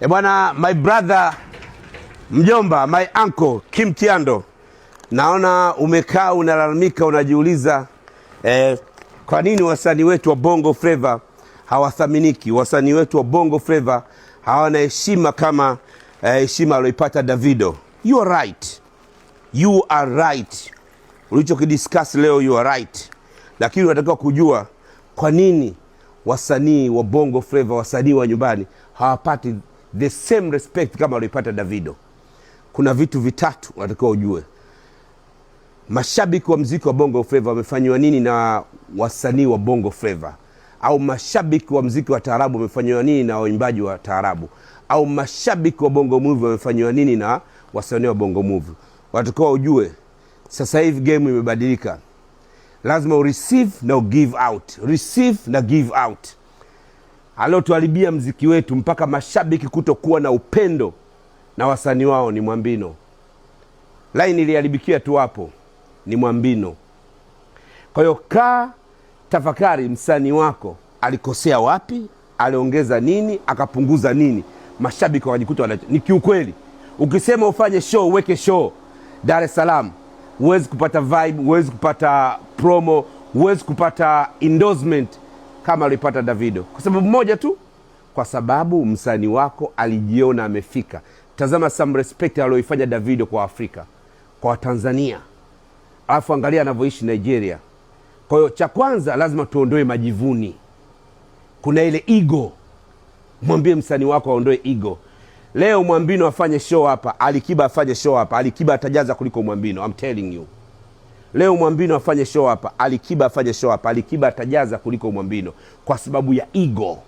E bwana, my brother, mjomba, my uncle Kim Tiando, naona umekaa unalalamika, unajiuliza eh, kwa nini wasanii wetu wa Bongo Flava hawathaminiki? Wasanii wetu wa Bongo Flava hawana heshima kama eh, heshima eh, alioipata Davido. You are right, you are right. Ulichokidiscuss leo you are right, lakini unatakiwa kujua kwa nini wasanii wa Bongo Flava, wasanii wa nyumbani hawapati the same respect kama alioipata Davido. Kuna vitu vitatu unatakiwa ujue. Mashabiki wa mziki wa Bongo Flava wamefanyiwa nini na wasanii wa Bongo Flava, au mashabiki wa mziki wa taarabu wamefanyiwa nini na waimbaji wa taarabu, au mashabiki wa Bongo Movie wamefanyiwa nini na wasanii wa Bongo Movie. Watakiwa ujue sasa hivi game imebadilika, lazima ureceive na ugive out, receive na give out aliotuharibia mziki wetu mpaka mashabiki kutokuwa na upendo na wasanii wao ni Mwambino. Laini iliharibikia tu hapo ni Mwambino. Kwa hiyo kaa, tafakari, msanii wako alikosea wapi, aliongeza nini, akapunguza nini, mashabiki wakajikuta wana ni kiukweli. Ukisema ufanye show, uweke show Dar es Salaam, huwezi kupata vibe, huwezi kupata promo, huwezi kupata endorsement kama alipata Davido kwa sababu moja tu, kwa sababu msanii wako alijiona amefika. Tazama some respect aliyoifanya Davido kwa Afrika, kwa Tanzania, alafu angalia anavyoishi Nigeria. Kwa hiyo cha kwanza lazima tuondoe majivuni, kuna ile ego. Mwambie msanii wako aondoe ego. Leo Mwambino afanye show hapa, Alikiba afanye show hapa, Alikiba atajaza kuliko Mwambino. I'm telling you. Leo Mwambino afanye show hapa, Alikiba afanye show hapa, Alikiba atajaza kuliko Mwambino kwa sababu ya ego.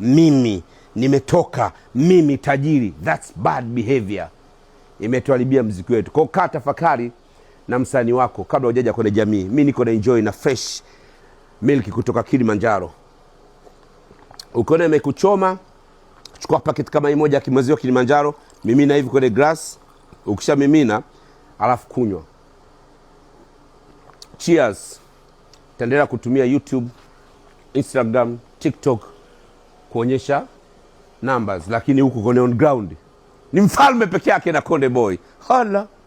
Mimi nimetoka, mimi tajiri. That's bad behavior, imetuharibia mziki wetu. Kwa kaa tafakari na msanii wako kabla hujaja kwenye jamii. Mi niko na enjoy na fresh milk kutoka Kilimanjaro. Ukiona imekuchoma chukua paketi kama hii moja ya kimwezio Kilimanjaro, mimina hivi kwenye glass. Ukishamimina alafu kunywa. Cheers. Taendelea kutumia YouTube, Instagram, TikTok kuonyesha numbers, lakini huku kwenye on ground ni mfalme peke yake na Konde Boy. Hala.